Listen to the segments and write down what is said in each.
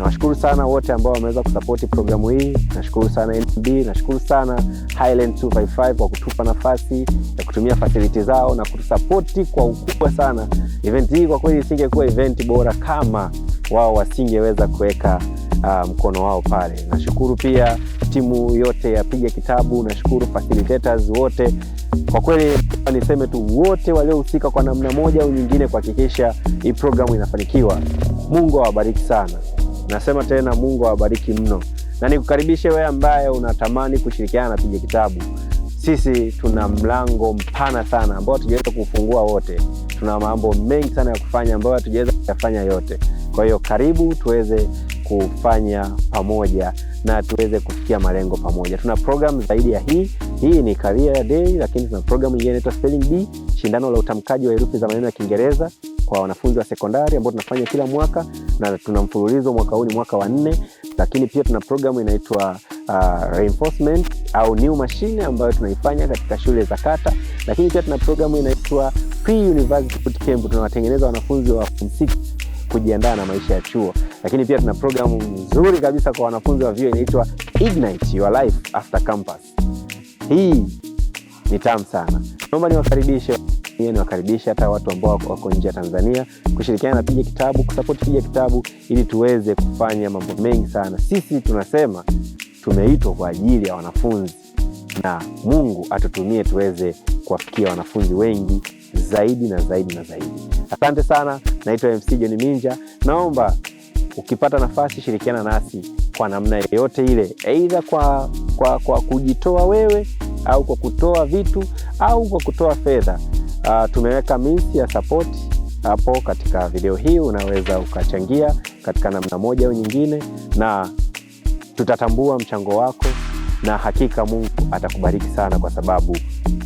Nawashukuru sana wote ambao wameweza kusapoti programu hii. Nashukuru sana NB, nashukuru sana Highland 255 kwa kutupa nafasi ya kutumia fasiliti zao na kutusapoti kwa ukubwa sana. Event hii kwa kweli isingekuwa event bora kama wao wasingeweza kuweka uh, mkono wao pale. Nashukuru pia timu yote ya Piga Kitabu, nashukuru facilitators wote kwa kweli niseme tu wote waliohusika kwa namna moja au nyingine kuhakikisha hii programu inafanikiwa. Mungu awabariki sana. Nasema tena Mungu awabariki mno, na nikukaribishe wewe ambaye unatamani kushirikiana na Piga Kitabu. Sisi tuna mlango mpana sana ambao hatujaweza kufungua wote. Tuna mambo mengi sana ya kufanya ambayo hatujaweza kuyafanya yote. Kwa hiyo karibu tuweze kufanya pamoja na tuweze kufikia malengo pamoja. Tuna programu zaidi ya hii. Hii ni career day, lakini tuna programu nyingine inaitwa spelling bee, shindano la utamkaji wa herufi za maneno ya Kiingereza kwa wanafunzi wa sekondari ambao tunafanya kila mwaka, na tuna mfululizo mwaka huu ni mwaka wa nne, lakini pia tuna programu inaitwa uh, reinforcement au new machine ambayo tunaifanya katika shule za kata, lakini pia tuna programu inaitwa pre-university bootcamp, tunawatengeneza wanafunzi wa form 6 kujiandaa na maisha ya chuo, lakini pia tuna programu nzuri kabisa kwa wanafunzi wa vyuo inaitwa Ignite Your Life After Campus. Hii ni tamu sana, naomba niwakaribishe pia niwakaribisha hata watu ambao wako nje ya Tanzania kushirikiana na Piga Kitabu, kusapoti Piga Kitabu ili tuweze kufanya mambo mengi sana. Sisi tunasema tumeitwa kwa ajili ya wanafunzi, na Mungu atutumie tuweze kuwafikia wanafunzi wengi zaidi na zaidi na zaidi. Asante sana. Naitwa MC John Minja. Naomba ukipata nafasi, shirikiana nasi kwa namna yoyote ile, aidha kwa, kwa, kwa kujitoa wewe au kwa kutoa vitu au kwa kutoa fedha. Uh, tumeweka minsi ya support hapo katika video hii, unaweza ukachangia katika namna moja au nyingine, na tutatambua mchango wako, na hakika Mungu atakubariki sana, kwa sababu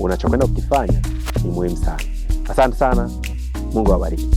unachokwenda kukifanya ni muhimu sana. Asante sana, Mungu awabariki.